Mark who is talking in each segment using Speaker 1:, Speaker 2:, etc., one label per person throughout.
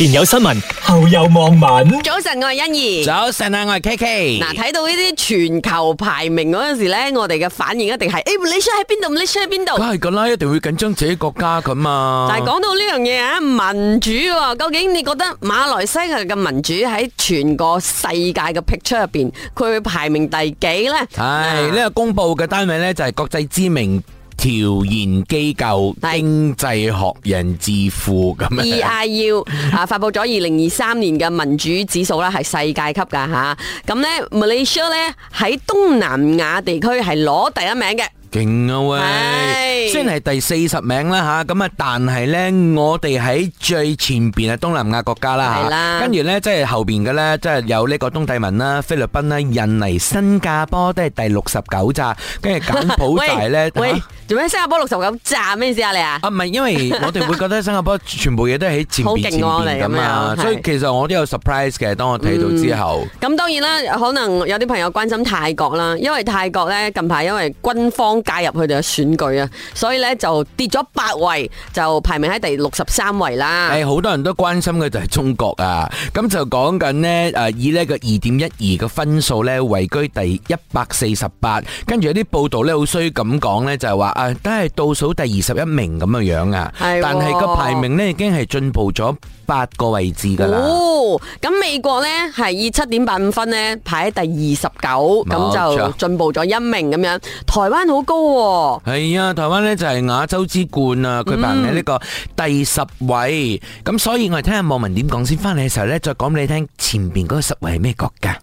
Speaker 1: 前有新聞，後有網民。
Speaker 2: 早晨，我係欣怡。早晨啊，我係 K K。嗱，睇到呢啲全球排名嗰陣時咧，我哋嘅反應一定係，誒，Malaysia 喺邊度？Malaysia
Speaker 1: 喺邊度？梗係咁啦，一定會緊張自己國家咁啊。但係講
Speaker 2: 到呢樣嘢啊，民主，究竟你覺得馬來西亞嘅民主喺全個世界嘅 picture 入邊，佢會排名第幾咧？
Speaker 1: 係呢個公布嘅單位咧，就係國際知名。調研機構經濟學人智庫咁樣
Speaker 2: E I U 啊 發布咗二零二三年嘅民主指數啦，係世界級噶吓，咁咧 Malaysia 咧喺東南亞地區係攞第一名嘅。
Speaker 1: 勁啊喂，雖然係第四十名啦吓，咁啊但係咧，我哋喺最前邊係東南亞國家啦吓，跟住咧即係後邊嘅咧，即係有呢個東帝汶啦、菲律賓啦、印尼、新加坡都係第六十九扎，跟住柬埔寨咧，喂，
Speaker 2: 做咩新加坡六十九扎？咩意思啊你啊？啊唔係，因為我哋會
Speaker 1: 覺得新加坡全部嘢都係喺前邊前邊咁啊，所以其實我都有 surprise 嘅，當我睇到之後。
Speaker 2: 咁當然啦，可能有啲朋友關心泰國啦，因為泰國咧近排因為軍方。介入佢哋嘅選
Speaker 1: 舉啊，所以咧就跌咗
Speaker 2: 八位，就排名喺第六十三位啦。
Speaker 1: 誒，好多人都關心嘅就係中國啊，咁就講緊呢，誒，以呢個二點一二嘅分數咧位居第一百四十八，跟住有啲報道咧好衰咁講咧就係話誒都係倒數第二十一名咁嘅樣啊，但係個排名呢，已經係進步咗。八個位置噶啦，
Speaker 2: 咁、哦、美國呢，係以七點八五分呢，排喺第二十九，咁就進步咗一名咁樣。台灣好高、哦，
Speaker 1: 係啊、哎，台灣呢，就係亞洲之冠啊，佢排名呢個第十位，咁、嗯嗯、所以我哋聽下網民點講先，翻嚟嘅時候呢，再講俾你聽前邊嗰十位係咩國家。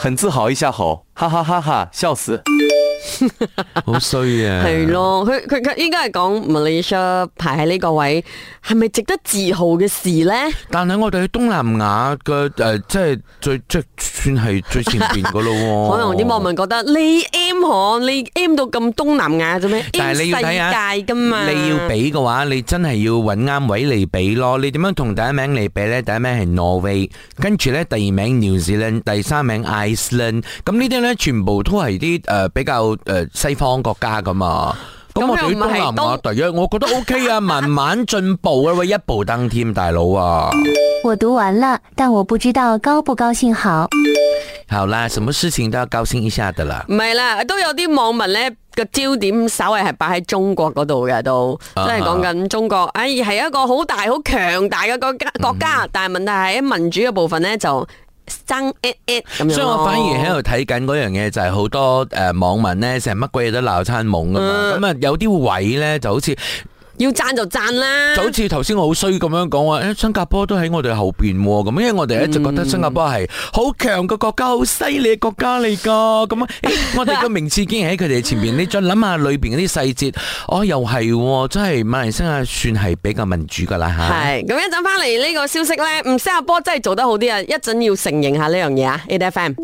Speaker 1: 很自豪一下嗬，哈哈哈哈，笑死！好衰啊！係
Speaker 2: 咯，佢佢佢應該係講 Malaysia 排喺呢個位，係咪值得自豪嘅
Speaker 1: 事咧？但係我哋去東南亞嘅誒，即係最即係算係最前邊噶咯。可能啲
Speaker 2: 網民覺得你 M 行，你 M 到咁東南亞做咩？
Speaker 1: 但係你要睇啊，世界噶嘛。你要比嘅話，你真係要揾啱位嚟比咯。你點樣同第一名嚟比咧？第一名係挪威，跟住咧第二名 New Zealand，第三名 Iceland。咁呢啲咧全部都係啲誒比較。誒、呃，西方國家噶嘛？咁、嗯、我哋東南亞隊，我覺得 O、OK、K 啊，東 慢慢進步啊，喂，一步登天大佬啊！
Speaker 2: 我讀完了，但我不知道高不高興好，
Speaker 1: 好好啦，什麼事情都要高興一下的啦。
Speaker 2: 唔係啦，都有啲網民咧嘅焦點，稍微係擺喺中國嗰度嘅，都即係講緊中國，uh huh. 哎，係一個好大、好強大嘅國家，國家、uh，huh. 但係問題係民主嘅部分咧就。爭誒誒，樣所以我反而喺度
Speaker 1: 睇緊嗰樣嘢就係、是、好多誒、呃、網民咧成日乜鬼嘢都鬧餐懵㗎嘛，咁啊、嗯、有啲位咧就好似。
Speaker 2: 要讚就讚啦，就
Speaker 1: 好似頭先我好衰咁樣講話，誒、欸，新加坡都喺我哋後邊咁，因為我哋一直覺得新加坡係好強嘅國家，好犀利嘅國家嚟噶，咁啊，欸、 我哋嘅名次竟然喺佢哋前邊， 你再諗下裏邊嗰啲細節，哦，又係、哦，真係馬來西亞算係比較民主噶啦吓。係，
Speaker 2: 咁一陣翻嚟呢個消息咧，唔新加坡真係做得好啲啊，一陣要承認下呢樣嘢啊，A D F M。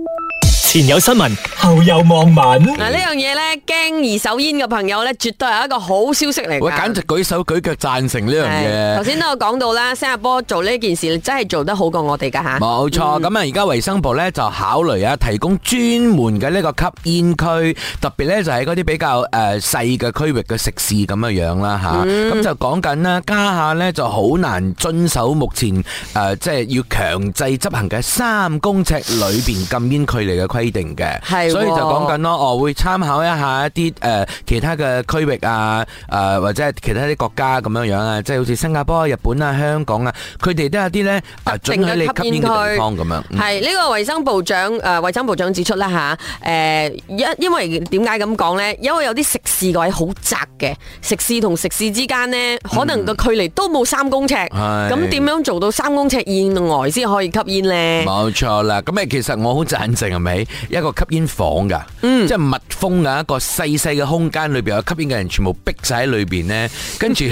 Speaker 1: 前有新聞，後有網民。嗱、啊、呢
Speaker 2: 樣嘢咧，驚二手煙嘅朋友咧，絕對係一個好消息嚟噶。我簡
Speaker 1: 直舉手舉腳讚成呢樣嘢。頭先
Speaker 2: 都有講到啦，新加坡做呢件事真係做得好過我哋噶吓。冇、啊、錯，
Speaker 1: 咁啊而家衛生部呢就考慮啊提供專門嘅呢個吸煙區，特別呢就喺嗰啲比較誒、呃、細嘅區域嘅食肆咁嘅樣啦吓。咁、啊嗯嗯、就講緊啦，家下呢就好難遵守目前誒、呃、即係要強制執行嘅三公尺裏邊禁煙距離嘅規。 規定嘅，所以就講緊咯，我會參考一下一啲誒、呃、其他嘅區域啊，誒、呃、或者係其他啲國家咁樣樣啊，即係好似新加坡、日本啊、香港啊，佢哋都有啲咧准許你吸煙嘅地方咁樣。係、
Speaker 2: 嗯、呢、嗯這個衛生部長誒衛、呃、生部長指出啦吓，誒、呃、因因為點解咁講咧？因為有啲食肆位好窄嘅，食肆同食肆之間呢，可能個距離都冇三公尺，咁點、嗯、
Speaker 1: 樣做到三公尺以外先可以吸煙咧？冇錯啦，咁誒其實我好贊成係咪？是一個吸煙房噶，即係密封嘅一個細細嘅空間裏邊，有吸煙嘅人全部逼晒喺裏邊咧，跟住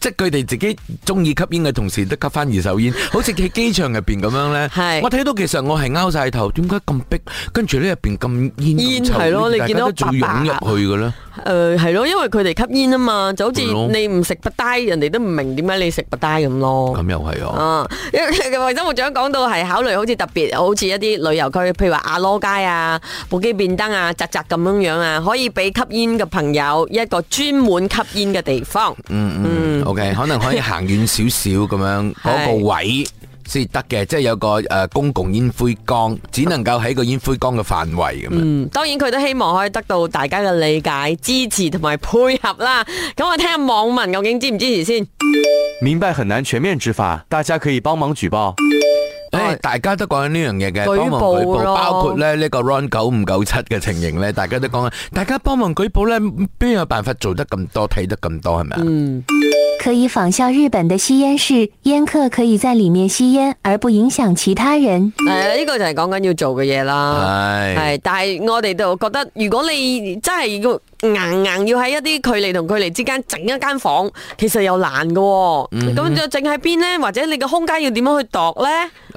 Speaker 1: 即係佢哋自己中意吸煙嘅同時，都吸翻二手煙，好似喺機場入邊咁樣咧。係，我睇到其實我係拗晒頭，點解咁逼？跟住呢入邊咁煙，煙係咯，你見到湧入去噶咧，
Speaker 2: 誒係咯，因為佢哋吸煙啊嘛，就好似你唔食不低，人哋都唔明點解你食不低咁咯。咁又係哦。啊，衛生部長講到係考慮好似特別，好似一啲旅遊區，譬如話亞羅。街啊，部機變燈啊，窄窄咁樣樣啊，可以俾吸煙嘅朋友一個專門吸煙嘅地方。
Speaker 1: 嗯嗯，OK，可能可以行遠少少咁樣，嗰 個位先得嘅，即、就、係、是、有個誒、呃、公共煙灰缸，只能夠喺個煙灰缸嘅範圍咁樣。嗯，
Speaker 2: 當然佢都希望可以得到大家嘅理解、支持同埋配合啦。咁我聽下網民究竟支唔支持先。
Speaker 1: 明白，很難全面執法，大家可以幫忙舉報。大家都講緊呢樣嘢嘅，幫忙舉報，包括咧呢個 run 九五九七嘅情形咧，大家都講緊，大家幫忙舉報咧，邊有辦法做得咁多，睇得咁多係咪啊？嗯，
Speaker 2: 可以仿效日本嘅吸煙室，煙客可以在裏面吸煙而不影響其他人。誒、嗯，呢、嗯、個就係講緊要做嘅嘢啦。係係唉，但係我哋就覺得，如果你真係要硬硬要喺一啲距離同距離之間整一間房，其實又難嘅、哦。咁、嗯、就整喺邊咧，或者你嘅空間要點樣去度咧？
Speaker 1: 誒，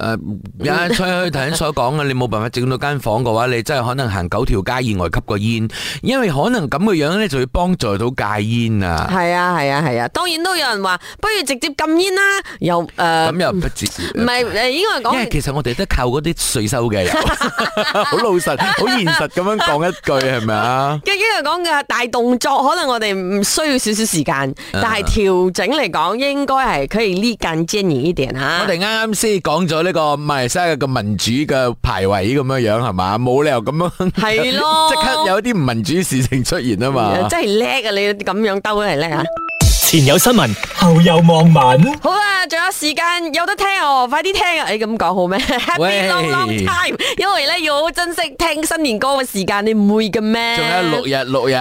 Speaker 1: 一出去頭先所講嘅，你冇辦法整到間房嘅話，你真係可能行九條街以外吸個煙，因為可能咁嘅樣咧，就會幫助到戒煙啊。係
Speaker 2: 啊，係啊，係啊，當然都有人話，不如直接禁煙啦。又誒，
Speaker 1: 咁又不接。
Speaker 2: 唔係誒，應該講。因為
Speaker 1: 其實我哋都靠嗰啲稅收嘅人，好老實、好現實咁樣講一句係咪啊？
Speaker 2: 跟因為講嘅大動作，可能我哋
Speaker 1: 唔需要少少時間，但係調整嚟講，應該係可以拉近 Jenny 呢點嚇。我哋啱啱先講咗咧。呢個馬來西亞嘅民主嘅排位咁樣樣係嘛，冇理由咁樣， 即 刻有一啲唔民主事情出現啊嘛，的的真
Speaker 2: 係叻啊！你咁樣兜都係叻啊！
Speaker 1: 前有新聞，後有網民。
Speaker 2: 好啊，仲有時間有得聽哦，快啲聽啊！你咁講好咩？Happy 喂，long long time，因為咧要好珍惜聽新年歌嘅時間，你唔會嘅咩？仲有六
Speaker 1: 日，六日，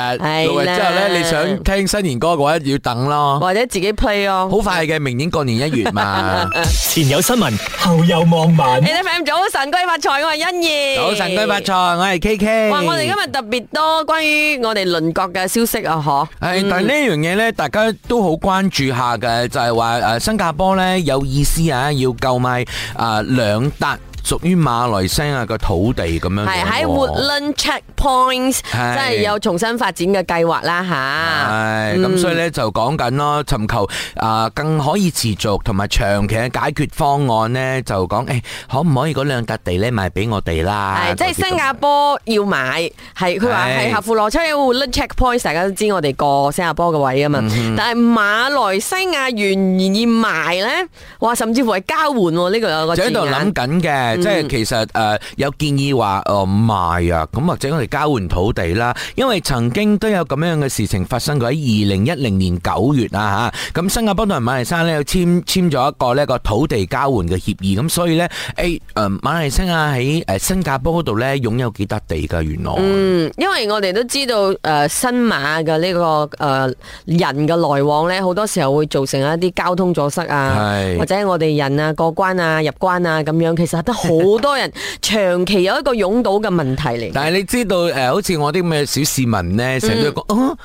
Speaker 1: 六日之後咧，你想聽新年歌嘅話，要等咯。或者自己 play 哦。好快嘅，明年過年一月嘛。前有新聞，後有網民。
Speaker 2: A F M 早晨，恭喜發財！我係欣怡。早晨，恭喜發
Speaker 1: 財！我係 K K。哇，我哋今日
Speaker 2: 特別多關於我哋鄰國嘅消息啊！嗬。係，但係呢
Speaker 1: 樣嘢咧，大家都。都好關注下嘅，就係話，誒新加坡咧有意思啊，要購買誒兩笪，呃屬於馬來西亞嘅土地咁樣，係喺 Woodland
Speaker 2: Checkpoints，即係有重新發展嘅計劃啦吓。係，咁所以咧
Speaker 1: 就講緊咯，尋求啊更可以持續同埋長期嘅解決方案咧，就講誒，可唔可以嗰兩笪地咧賣俾我哋啦？係，即係新加
Speaker 2: 坡要買，係佢話係合乎邏輯嘅喺 Woodland Checkpoints，大家都知我哋過新加坡嘅位啊嘛。但係馬來西亞願唔願意賣咧？哇甚至乎係交換呢個有個。喺度諗緊嘅。即係其
Speaker 1: 實誒有建議話誒賣啊，咁或者我哋交換土地啦，因為曾經都有咁樣嘅事情發生過喺二零一零年九月啊吓，咁新加坡同埋馬來西亞呢又簽簽咗一個呢個土地交換嘅協議，咁所以呢誒誒馬來西亞喺誒新加坡嗰度呢擁有幾笪地噶原來。嗯，
Speaker 2: 因為我哋都知道誒新馬嘅呢個誒人嘅來往呢，好多時候會造成一啲交通阻塞啊，或者我哋人啊過關啊入關啊咁樣，其實都。好 多人長期有一個擁堵嘅問題
Speaker 1: 嚟。但係你知道誒、呃，好似我啲咁嘅小市民咧，成日都講、嗯啊，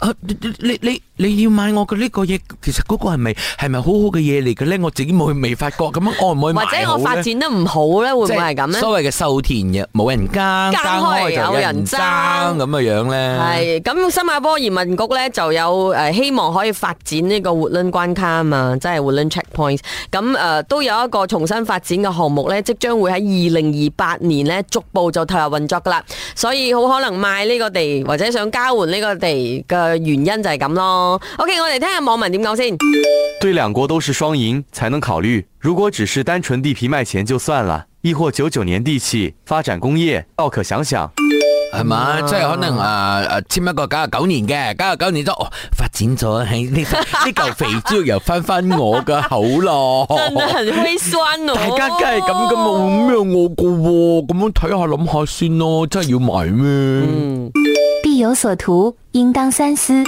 Speaker 1: 啊，你你你你。你要買我嘅呢個嘢，其實嗰個係咪係咪好好嘅嘢嚟嘅咧？我自己冇去未發覺咁樣，可唔可以或者我發展得唔好咧？會唔會係咁咧？所謂嘅收田嘅冇人耕，耕開有人爭咁嘅樣咧。係
Speaker 2: 咁，新加坡移民局咧就有誒希望可以發展呢個活輪關卡啊嘛，即係活輪 checkpoints。咁誒都有一個重新發展嘅項目咧，即將會喺二零二八年咧逐步就投入運作噶啦。所以好可能賣呢個地，或者想交換呢個地嘅原因就係咁咯。O、okay, K，我哋聽下網民點講先。
Speaker 1: 對兩國都是雙贏，才能考慮。如果只是單純地皮賣錢就算啦，抑或九九年地契發展工業，倒可想想。係嘛吧，啊、即係可能誒誒簽一個九十九年嘅，九十九年咗、哦，發展咗喺呢呢嚿肥豬又翻翻我嘅口咯、 哦。真的很閪酸哦。大家梗係咁咁啊，冇咩我噶？咁樣睇下諗下先咯，真係要買咩？有所圖，應當三思。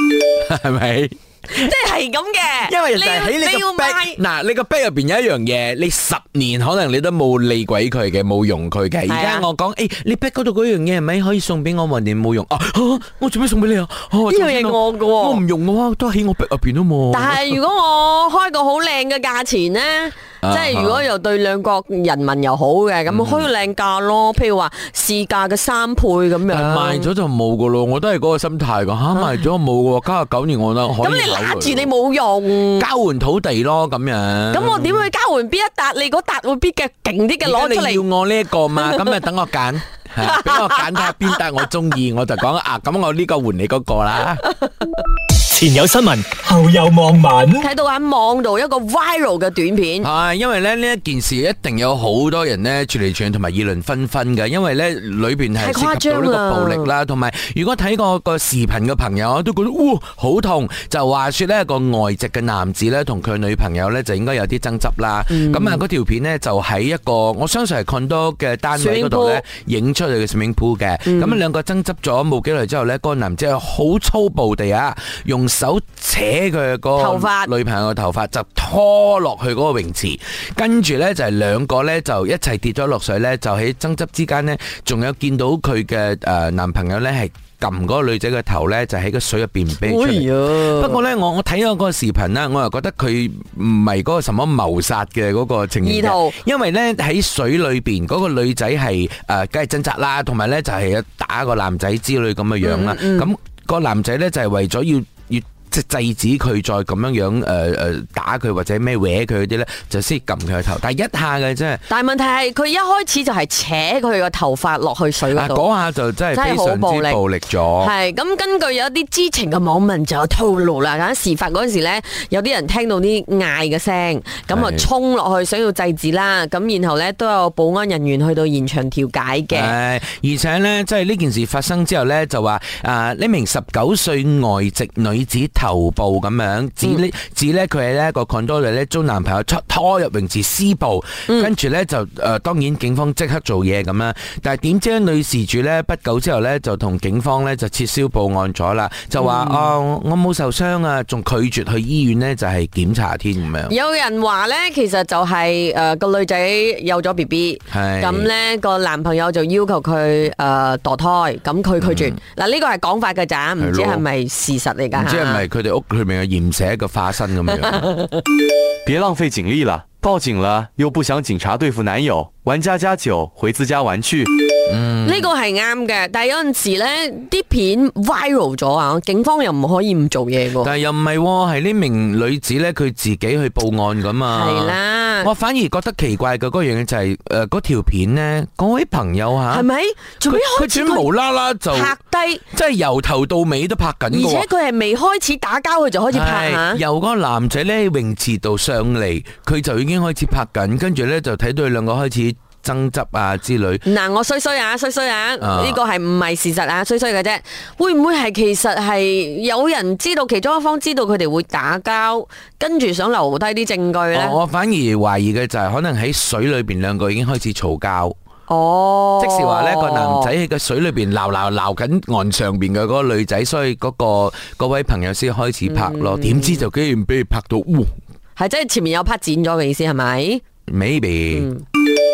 Speaker 1: 係咪？即係咁嘅。因為就係喺你個 bag 嗱，你個 bag 入邊有一樣嘢，你十年可能你都冇理鬼佢嘅，冇用佢嘅。而家、啊、我講，誒、欸，你 bag 嗰度嗰樣嘢係咪可以送俾我？我點冇用？哦、啊啊，我做咩送俾你啊？呢樣嘢我嘅、啊，我唔用嘅話都喺我 bag 入邊啊嘛。但係
Speaker 2: 如果我開個好靚嘅價錢咧？啊、即係如果又對兩國人民又好嘅，咁、嗯、哼可以靚價咯。譬如話市價嘅三倍咁樣。啊、賣咗
Speaker 1: 就冇噶咯，我都係嗰個心態噶。吓、啊、賣咗冇，九九年我都可以咁、啊、你攞住你冇用。交換土地咯，咁樣。咁、嗯、我點
Speaker 2: 去交換邊一笪？你嗰笪會邊嘅勁啲嘅攞出嚟？你要
Speaker 1: 我呢一個嘛，咁咪等我揀，俾 我揀睇下邊笪我中意， 我就講啊，咁我呢個換你嗰個啦。 前有新聞，後
Speaker 2: 有網民，
Speaker 1: 睇到喺網
Speaker 2: 度一個 viral 嘅短片。係、
Speaker 1: 啊，因為咧呢一件事一定有好多人呢傳嚟傳同埋議論紛紛嘅，因為呢裏邊係涉及到呢個暴力啦，同埋如果睇過個視頻嘅朋友，我都覺得喎好、哦、痛。就話說咧，一個外籍嘅男子呢，同佢女朋友呢，就應該有啲爭執啦。咁啊，嗰條片呢，就喺一個我相信係 condo 嘅單位嗰度呢，影出嚟嘅 swimming pool 嘅。咁啊，兩個爭執咗冇幾耐之後呢，嗰、那個男仔係好粗暴地啊用。用手扯佢個女朋友個頭髮，就拖落去嗰個泳池，跟住咧就係兩個咧就一齊跌咗落水咧，就喺爭執之間咧，仲有見到佢嘅誒男朋友咧係撳嗰個女仔嘅頭咧，就喺個水入邊。唔俾佢出嚟。會啊！不過咧，我我睇咗嗰個視頻啦，我又覺得佢唔係嗰個什麼謀殺嘅嗰個情形，因為咧喺水裏邊嗰個女仔係誒梗係掙扎啦，同埋咧就係有打個男仔之類咁嘅樣啦。咁個男仔咧就係為咗要。即係制止佢再咁樣樣誒誒打佢或者咩搲佢嗰啲咧，就先撳佢個頭。但係一下嘅啫。
Speaker 2: 但係問題係佢一開始就係扯佢個頭髮落去水嗰度。嗰
Speaker 1: 下就真係非常之暴力咗。係
Speaker 2: 咁，根據有一啲知情嘅網民就有透露啦。嚇，事發嗰陣時咧，有啲人聽到啲嗌嘅聲，咁啊衝落去想要制止啦。咁然後咧都有保安人員去到現場調解嘅。而
Speaker 1: 且咧即係呢件事發生之後咧，就話啊呢名十九歲外籍女子。頭部咁樣，指咧指咧佢係咧個 condole 咧，將男朋友拖入泳池施暴，跟住咧就誒，當然警方即刻做嘢咁樣。但係點知女事主咧不久之後咧就同警方咧就撤銷報案咗啦，就話哦我冇受傷啊，仲拒絕去醫院咧就係檢查添咁樣。
Speaker 2: 有人話咧，其實就係誒個女仔有咗 BB，咁咧個男朋友就要求佢誒墮胎，咁佢拒絕。嗱呢個係講法嘅咋，唔知係咪事實嚟噶？唔知係咪？
Speaker 1: 佢哋屋裏面嘅染色嘅化身咁樣，別 浪費警力啦，報警啦又不想警察對付男友，玩家家酒回自家玩去。呢、嗯、個
Speaker 2: 係啱嘅，但係有陣時呢啲片 viral 咗啊，警方又唔可以唔做嘢噶
Speaker 1: 但係又唔係喎，係呢名女子呢，佢自己去報案噶嘛。係啦。我反而覺得奇怪嘅嗰樣嘢就係、是，誒、呃、嗰條片咧，嗰位朋友嚇，係咪？佢佢轉無啦啦就拍低下，即係由頭到尾都拍緊。而且
Speaker 2: 佢係未開始打交，佢就開始拍。
Speaker 1: 由嗰個男仔咧泳池度上嚟，佢就已經開始拍緊，跟住咧就睇到佢兩個開始。爭執啊之類嗱，我衰衰啊，衰衰啊，呢個
Speaker 2: 係唔係事實啊？衰衰嘅啫，會唔會係其實係有人知道其中一方知道佢哋會打交，跟住想留低啲證據咧？我
Speaker 1: 反而懷疑嘅就係可能喺水裏邊，兩個已經開始嘈交
Speaker 2: 哦，即係話咧個男仔喺
Speaker 1: 個水裏邊鬧鬧鬧緊岸上邊嘅嗰個女仔，所以嗰個各位朋友先開始拍咯，點知就居然俾拍到，
Speaker 2: 係即係前面有拍剪咗嘅意思係咪
Speaker 1: ？Maybe。